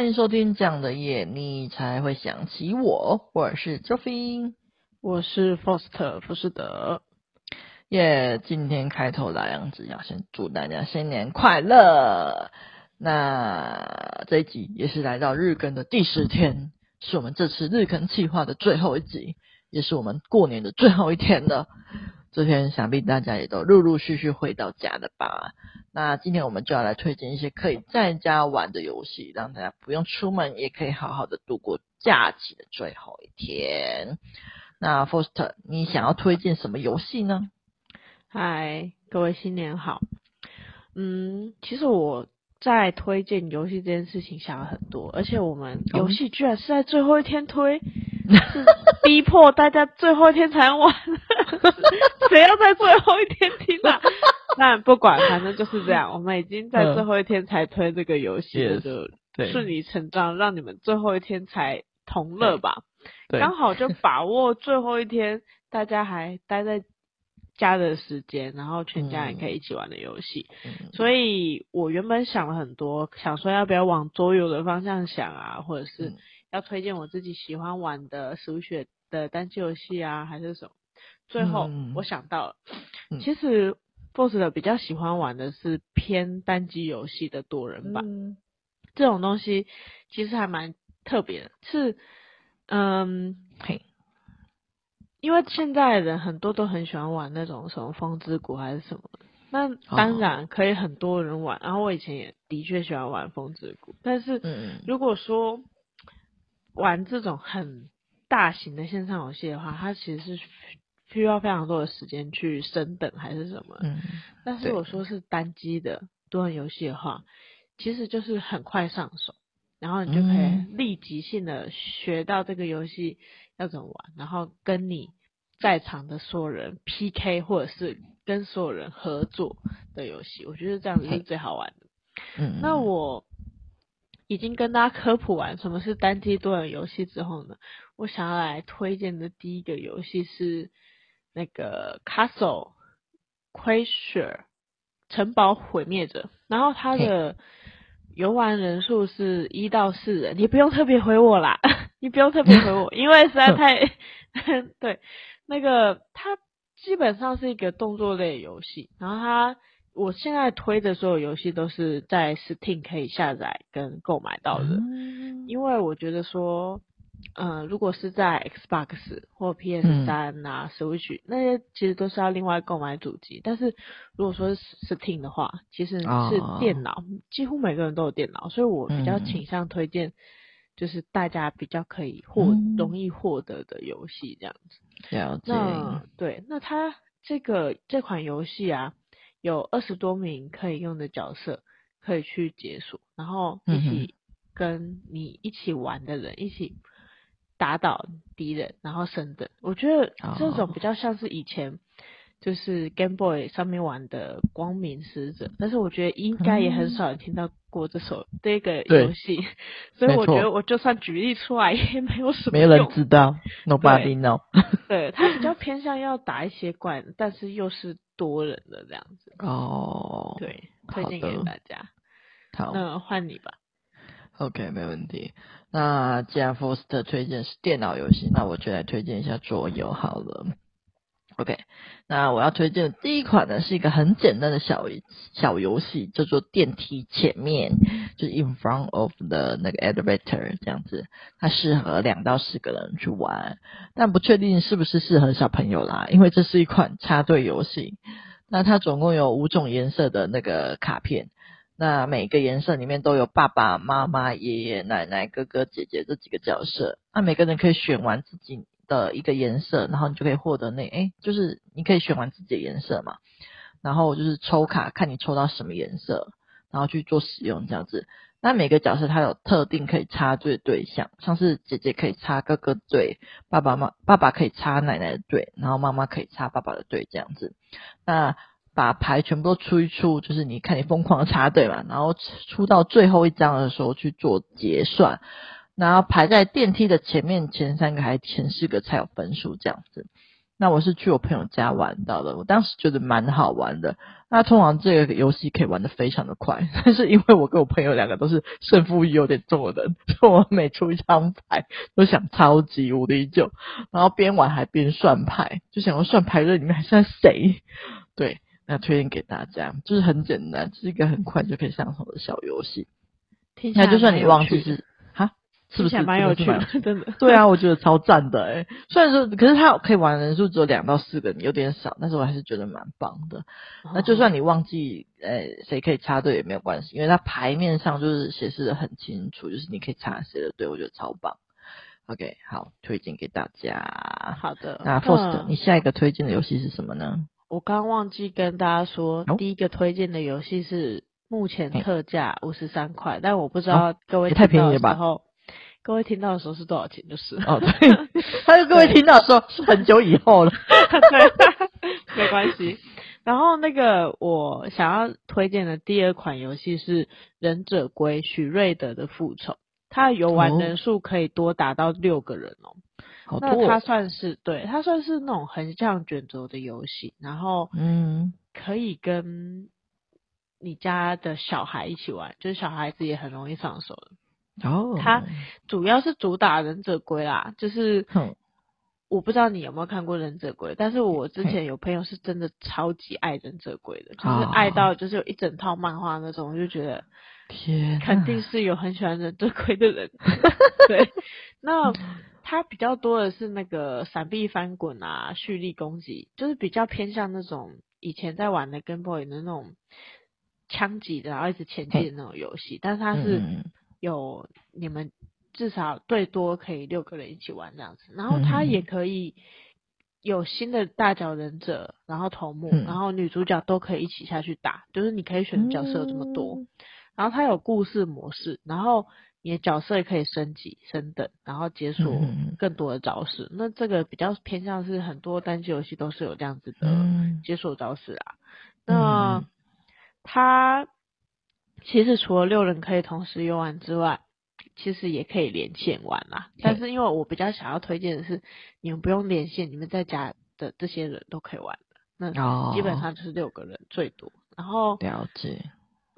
歡迎收聽《這樣的夜》，你才會想起我。我是 Jofie，我是 Faust 浮士德。耶，yeah，今天開頭老樣子要先祝大家新年快樂。那這一集也是來到日更的第十天，是我們這次日更計劃的最後一集，也是我們過年的最後一天了。昨天想必大家也都陸陸續續回到家了吧？那今天我們就要來推薦一些可以在家玩的遊戲，讓大家不用出門也可以好好的度過假期的最後一天。那 Faust，你想要推薦什麼遊戲呢？嗨，各位新年好。嗯，其實我在推薦遊戲這件事情想了很多，而且我們遊戲居然是在最後一天推，嗯，逼迫大家最後一天才玩。 誰 要在最後一天聽啊？ 那不管，反正就是這樣。我們已經在最後一天才推這個遊戲、嗯，就順理成章讓你們最後一天才同樂吧。剛好就把握最後一天，大家還待在家的時間， 然後全家人可以一起玩的遊戲、嗯。所以我原本想了很多，想說要不要往桌遊的方向想啊，或者是要推薦我自己喜歡玩的熟學的單機遊戲啊，還是什麼？最後、嗯、我想到了、嗯，其實 Faust 的比較喜歡玩的是偏單機遊戲的多人版、嗯，這種東西其實還蠻特別的。是，嗯，嘿，因為現在人很多都很喜歡玩那種什麼風之谷還是什麼，那當然可以很多人玩。嗯、然後我以前也的確喜歡玩風之谷，但是如果說玩這種很大型的線上遊戲的話，它其實是。需要非常多的時間去升等，還是什麼？但是我說是單機的多人遊戲的話，其實就是很快上手，然後你就可以立即性的學到這個遊戲要怎麼玩，然後跟你在場的所有人 PK 或者是跟所有人合作的遊戲，我覺得這樣子是最好玩的。那我已經跟大家科普完什麼是單機多人遊戲之後呢，我想要來推薦的第一個遊戲是。那個 Castle Crashers 城堡毀滅者，然後它的遊玩人數是一到四人，你不用特別回我啦，你不用特別回我，因為實在太 對。那個它基本上是一個動作類遊戲，然後它我現在推的所有遊戲都是在 Steam 可以下載跟購買到的，因為我覺得說。呃，如果是在 Xbox 或 PS 三啊、嗯、Switch 那些，其實都是要另外購買主機。但是，如果說是 Steam 的話，其實是電腦、哦，幾乎每個人都有電腦，所以我比較傾向推薦，就是大家比較可以獲、嗯、容易獲得的遊戲這樣子。了解。那對，那它這個這款遊戲啊，有二十多名可以用的角色可以去解鎖，然後一起跟你一起玩的人、嗯、一起。打倒敵人，然後升等。我覺得這種比較像是以前、oh. 就是 Game Boy 上面玩的《光明使者》，但是我覺得應該也很少人聽到過這首、嗯、這個遊戲， 所以我覺得我就算舉例出來也沒有什麼。沒人知道，Nobody Know 對。 對，他比較偏向要打一些怪，但是又是多人的這樣子。哦、oh.，對，推薦給大家。好，那換你吧。OK，沒問題。那既然 Faust 推薦是電腦遊戲，那我就來推薦一下桌遊好了。OK，那我要推薦的第一款呢，是一個很簡單的小小遊戲，叫做電梯前面，就是 In front of the 那個 Elevator 這樣子。它適合兩到四個人去玩，但不確定是不是適合小朋友啦，因為這是一款插隊遊戲。那它總共有五種顏色的那個卡片。那每個顏色裡面都有爸爸媽媽、爺爺奶奶、哥哥姐姐這幾個角色。那每個人可以選完自己的一個顏色，然後你就可以獲得那，誒、欸，就是你可以選完自己的顏色嘛，然後就是抽卡看你抽到什麼顏色，然後去做使用這樣子。那每個角色它有特定可以插隊的對象，像是姐姐可以插哥哥隊，爸爸媽，爸爸可以插奶奶的隊，然後媽媽可以插爸爸的隊這樣子。那把牌全部都出一出，就是你看你瘋狂的插隊嘛，然後出到最後一張的時候去做結算，然後排在電梯的前面前三個還前四個才有分數這樣子。那我是去我朋友家玩到的，我當時覺得蠻好玩的。那通常這個遊戲可以玩得非常的快，但是因為我跟我朋友兩個都是勝負欲有點重的人，所以我每出一張牌都想超級無敵久，然後邊玩還邊算牌，就想要算牌這裡面還剩下誰，對。要推薦給大家，就是很簡單，就是一個很快就可以上手的小遊戲。聽來那就算你忘記是，哈，是不是？還蠻有趣的，的趣的 真的 對啊，我覺得超贊的誒、欸、 雖然說，可是他可以玩的人數只有兩到四個人，有點少，但是我還是覺得蠻棒的。哦、那就算你忘記，呃、欸，誰可以插隊也沒有關係，因為他牌面上就是顯示的很清楚，就是你可以插誰的隊，我覺得超棒。OK，好，推薦給大家。好的。那 Faust，、嗯、你下一個推薦的遊戲是什麼呢？我剛剛忘記跟大家說，oh? 第一個推薦的遊戲是目前特價五十三塊，okay. 但我不知道各位聽到的時候，各位聽到的時候是多少錢，就是哦，oh, 對， 還有各位聽到說是很久以後了， 對， 沒關係。然後那個我想要推薦的第二款遊戲是《忍者龜：許瑞德的復仇》，它遊玩人數可以多達到六個人哦、喔。好多。那它算是對，它算是那種橫向捲軸的遊戲，然後嗯，可以跟你家的小孩一起玩，就是小孩子也很容易上手的。哦，它主要是主打忍者龜啦，就是我不知道你有沒有看過忍者龜，但是我之前有朋友是真的超級愛忍者龜的，oh. 就是愛到就是有一整套漫畫那種，我就覺得天，肯定是有很喜歡忍者龜的人。 對，那。它比較多的是那個閃避翻滾啊，蓄力攻擊，就是比較偏向那種以前在玩的《Game Boy》的那種槍擊的，然後一直前進的那種遊戲。但是它是有你們至少最多可以六個人一起玩這樣子。然後它也可以有新的大腳忍者，然後頭目，然後女主角都可以一起下去打。就是你可以選的角色有這麼多。然後它有故事模式，然後。你的角色也可以升級升等，然後解鎖更多的招式。嗯。那這個比較偏向是很多單機遊戲都是有這樣子的解鎖招式啊。嗯。那它其實除了六人可以同時遊玩之外，其實也可以連線玩啦。嗯。但是因為我比較想要推薦的是，你們不用連線，你們在家的這些人都可以玩的。嗯。那基本上就是六個人最多。然後了解。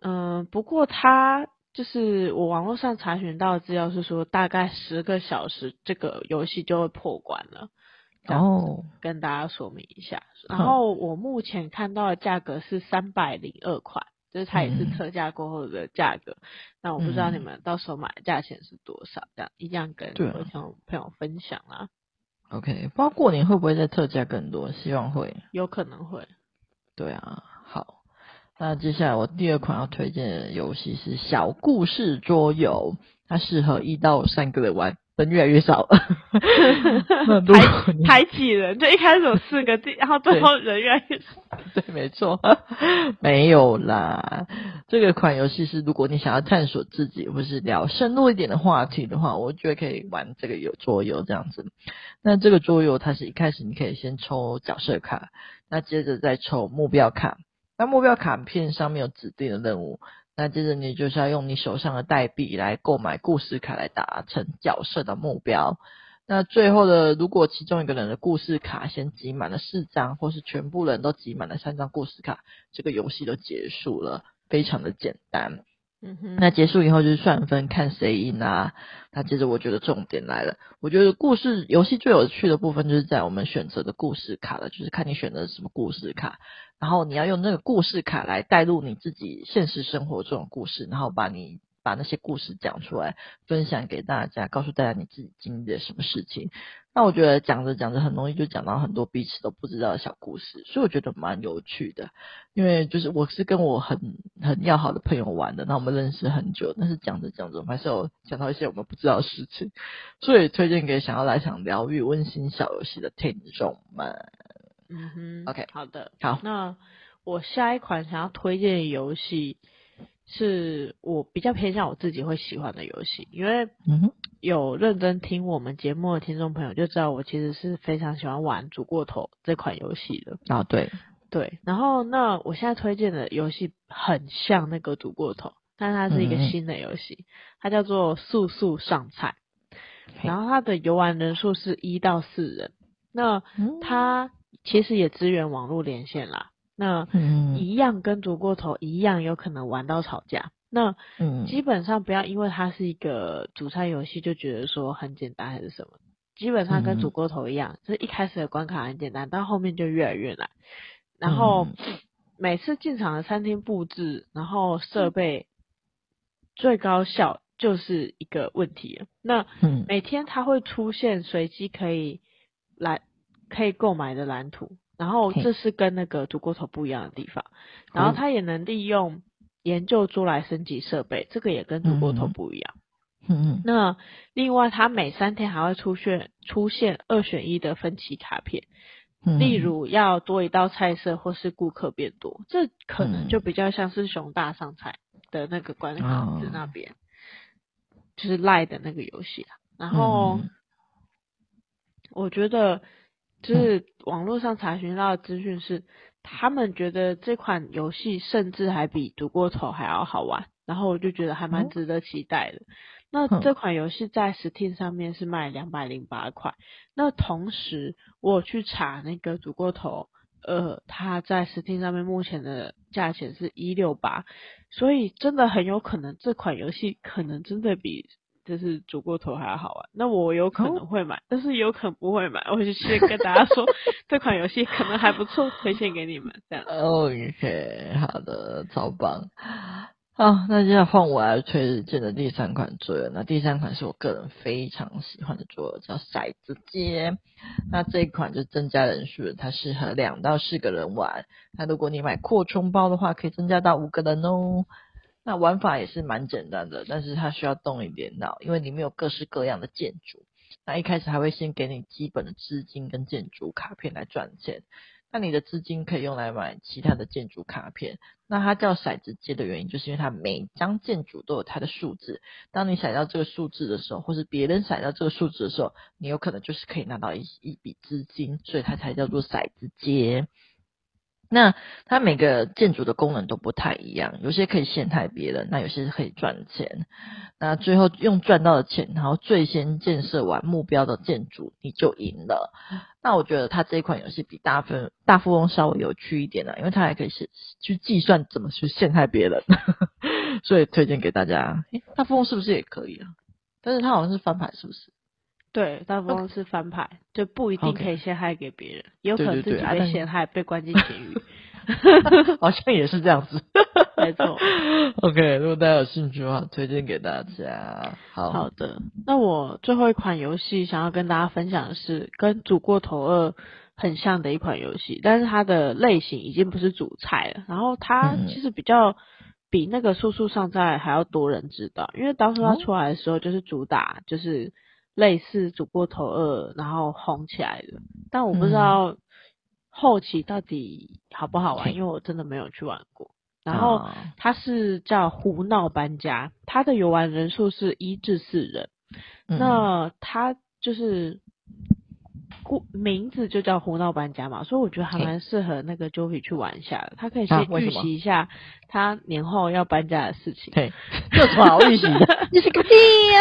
嗯，不過他。就是我網絡上查詢到的資料是說，大概十個小時這個遊戲就會破關了，然後跟大家說明一下。然後我目前看到的價格是三百零二塊，就是它也是特價過後的價格。那我不知道你們到時候買的價錢是多少，這樣一樣跟我朋友分享啊。OK，包過年會不會再特價更多，希望會。有可能會。對啊。那接下來我第二款要推薦的遊戲是小故事桌遊，它適合一到三個人玩，人越來越少。排排擠人，就一開始有四個，然 後最後人越來越少。對，沒錯，沒有啦。這個款遊戲是，如果你想要探索自己或是聊深入一點的話題的話，我覺得可以玩這個遊桌遊這樣子。那這個桌遊它是一開始你可以先抽角色卡，那接着再抽目標卡。那目標卡片上面有指定的任務，那接着你就是要用你手上的代幣來購買故事卡來達成角色的目標。那最後的，如果其中一個人的故事卡先擠滿了四張，或是全部人都擠滿了三張故事卡，這個遊戲就結束了。非常的簡單。嗯哼， 那結束以後就是算分看誰贏啊。那接着我覺得重點來了，我覺得故事遊戲最有趣的部分就是在我們選擇的故事卡了，就是看你選擇什麼故事卡，然後你要用那個故事卡來帶入你自己現實生活中的故事，然後把你。把那些故事講出來，分享給大家，告訴大家你自己經歷了什麼事情。那我覺得講着講着很容易就講到很多彼此都不知道的小故事，所以我覺得蠻有趣的。因為就是我是跟我很很要好的朋友玩的，那我們認識很久，但是講着講着我們還是有講到一些我們不知道的事情，所以推薦給想要來想療癒溫馨小遊戲的聽眾們。嗯哼，OK，好的，好。那我下一款想要推薦的遊戲。是我比較偏向我自己會喜歡的遊戲，因為有認真聽我們節目的聽眾朋友就知道，我其實是非常喜歡玩《煮過頭》這款遊戲的啊，oh, 對對。然後那我現在推薦的遊戲很像那個《煮過頭》，但它是一個新的遊戲、嗯，它叫做《速速上菜》，然後它的遊玩人數是一到四人，那它其實也支援網絡連線啦。那一樣跟《煮過頭》一樣，有可能玩到吵架。那嗯，基本上不要因為它是一個主菜遊戲，就覺得說很簡單還是什麼。基本上跟《煮過頭》一樣、嗯，就是一開始的關卡很簡單，到後面就越來越難。然後每次進場的餐廳布置，然後設備最高效就是一個問題。那嗯，每天它會出現隨機可以來，可以購買的藍圖。然後這是跟那個煮過頭不一樣的地方，然後他也能利用研究出來升級設備，這個也跟煮過頭不一樣。嗯嗯。那另外，他每三天還會出現出現二選一的分歧卡片，例如要多一道菜色或是顧客變多，這可能就比較像是熊大上菜的那個關卡在那邊，就是賴的那個遊戲啊。然後我覺得。就是網絡上查詢到的資訊是，他們覺得這款遊戲甚至還比《煮過頭》還要好、好玩，然後我就覺得還蠻值得期待的。那這款遊戲在 Steam 上面是賣兩百零八塊，那同時我去查那個《煮過頭》，呃，它在 Steam 上面目前的價錢是一六八，所以真的很有可能這款遊戲可能真的比。就是煮過頭還要好啊，那我有可能會買，哦，但是有可能不會買，我就先跟大家說 這款遊戲可能還不錯，推薦給你們這樣。OK，好的，超棒。好，那現在換我來推薦的第三款桌遊。那第三款是我個人非常喜歡的桌遊，叫骰子街。那這一款就增加人數，它適合兩到四個人玩，那如果你買擴充包的話，可以增加到五個人哦。那玩法也是蠻簡單的，但是它需要動一點腦，因為裡面有各式各樣的建築。那一開始還會先給你基本的資金跟建築卡片來賺錢。那你的資金可以用來買其他的建築卡片。那它叫骰子街的原因，就是因為它每張建築都有它的數字。當你踩到這個數字的時候，或是別人踩到這個數字的時候，你有可能就是可以拿到一一筆資金，所以它才叫做骰子街。那它每個建築的功能都不太一樣，有些可以陷害別人，那有些是可以賺錢。那最後用賺到的錢，然後最先建設完目標的建築，你就贏了。那我覺得它這一款遊戲比大富大富翁稍微有趣一點啦，因為它還可以是去計算怎麼去陷害別人， 所以推薦給大家，欸，大富翁是不是也可以啊？但是它好像是翻牌，是不是？對，大部分是翻牌，okay. 就不一定可以陷害給別人，okay. 有可能自己被陷害，被關進監獄。對對對對啊、 好像也是這樣子。 沒錯。OK，如果大家有興趣的話，推薦給大家。好好的，那我最後一款遊戲想要跟大家分享的是跟《煮過頭二》很像的一款遊戲，但是它的類型已經不是煮菜了。然後它其實比較比那個《速速上菜》還要多人知道，因為當初它出來的時候就是主打、哦、就是。類似煮過頭二，然後紅起來的，但我不知道後期到底好不好玩，嗯、因為我真的沒有去玩過。嗯、然後他是叫胡鬧搬家，嗯、他的遊玩人數是一至四人，嗯。那他就是，名字就叫胡鬧搬家嘛，所以我覺得還蠻適合那個 Jofie 去玩一下的，他可以先預習一下他年後要搬家的事情。對、啊，有什麼好預習的，你是個屁呀。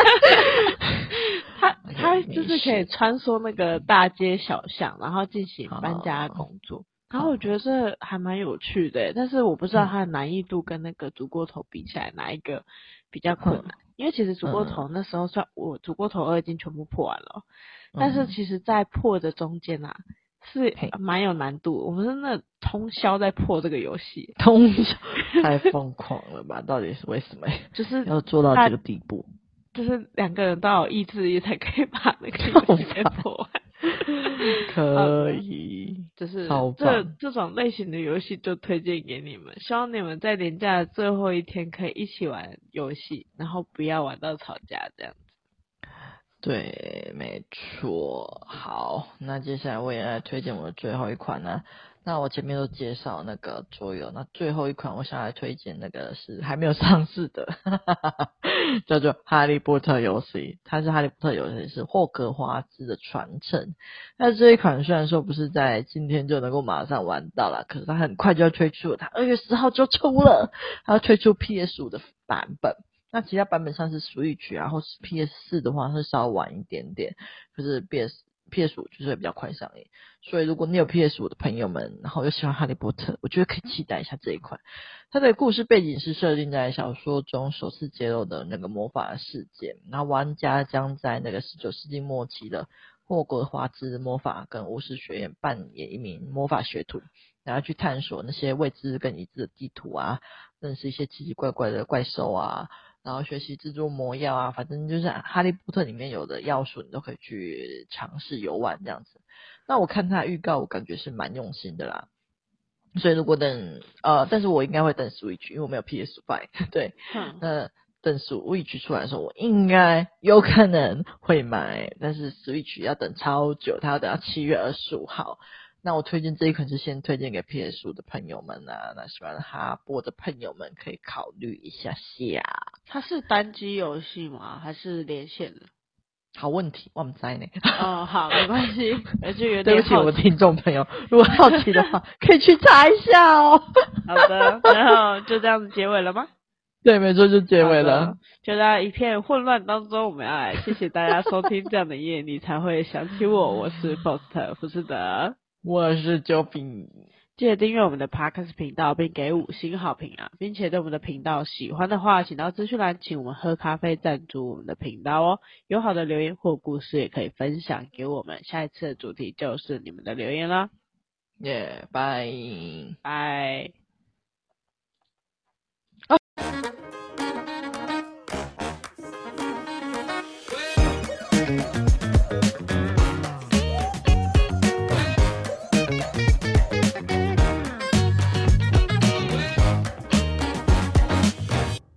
就是可以穿梭那個大街小巷，然後進行搬家工作。然後我覺得這還蠻有趣的，欸，但是我不知道它的難易度跟那個煮過頭比起來哪一個比較困難。因為其實煮過頭那時候算我煮過頭二已經全部破完了，但是其實，在破的中間啊，是蠻有難度。我們真的通宵在破這個遊戲，通宵太瘋狂了吧？到底是為什麼？就是要做到這個地步。 哎就是兩個人都有意志力才可以把那個遊戲給破完， 可以， 就是這這種類型的遊戲就推薦給你們，希望你們在年假的最後一天可以一起玩遊戲，然後不要玩到吵架這樣子。對，沒錯，好，那接下來我也來推薦我的最後一款呢、啊。 那我前面都介紹那個桌遊，那最後一款我想來推薦那個是還沒有上市的，哈哈哈，叫做《哈利波特》遊戲，它是《哈利波特》遊戲，是霍格華茲的傳承。那這一款雖然說不是在今天就能夠馬上玩到了，可是它很快就要推出，它二月十號就出了，它要推出 PS 五的版本。那其他版本上是 Switch，啊，然後是 PS 四的話是稍晚一點點，就是 PS。PS5 就是會比較快上映，所以如果你有 PS5 的朋友們，然後又喜歡哈利波特，我覺得可以期待一下這一款。它的故事背景是設定在小說中首次揭露的那個魔法的世界，然後玩家將在那個19世紀末期的霍格華茲魔法跟巫師學院扮演一名魔法學徒，然後去探索那些未知跟已知的地圖啊，認識一些奇奇怪怪的怪獸啊。然後學習制作魔藥啊，反正就是哈利波特裡面有的要素，你都可以去嘗試遊玩這樣子。那我看他預告，我感覺是蠻用心的啦。所以如果等呃，但是我應該會等 Switch，因為我沒有 PS Five，對，那等 Switch 出來的時候，我應該有可能會買。但是 Switch 要等超久，他要等到七月二十五號。那我推薦這一款是先推薦給 PS 五的朋友們啊，那喜歡哈波的朋友們可以考慮一下下。它是單機遊戲嗎？還是連線的？好問題，忘災呢？哦，好，沒關係， 而且有點對不起我們聽眾朋友，如果好奇的話， 可以去查一下哦。好的，然後就這樣子結尾了嗎？對，沒錯，就結尾了。就在一片混亂當中，我們要來謝謝大家收聽這樣的夜 你才會想起我。我是 Faust 浮士德，我是 Jofie。記得訂閱我們的 Podcast 頻道，並給五星好評啊！並且對我們的頻道喜歡的話，請到資訊欄請我們喝咖啡贊助我們的頻道哦。有好的留言或故事也可以分享給我們，下一次的主題就是你們的留言啦。耶！拜！拜！